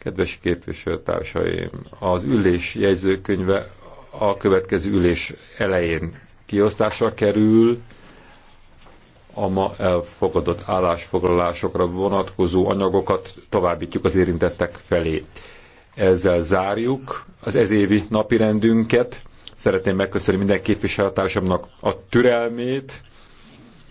Kedves képviselőtársaim, az ülés jegyzőkönyve a következő ülés elején kiosztásra kerül, a ma elfogadott állásfoglalásokra vonatkozó anyagokat továbbítjuk az érintettek felé. Ezzel zárjuk az ezévi napirendünket. Szeretném megköszönni minden képviselőtársamnak a türelmét,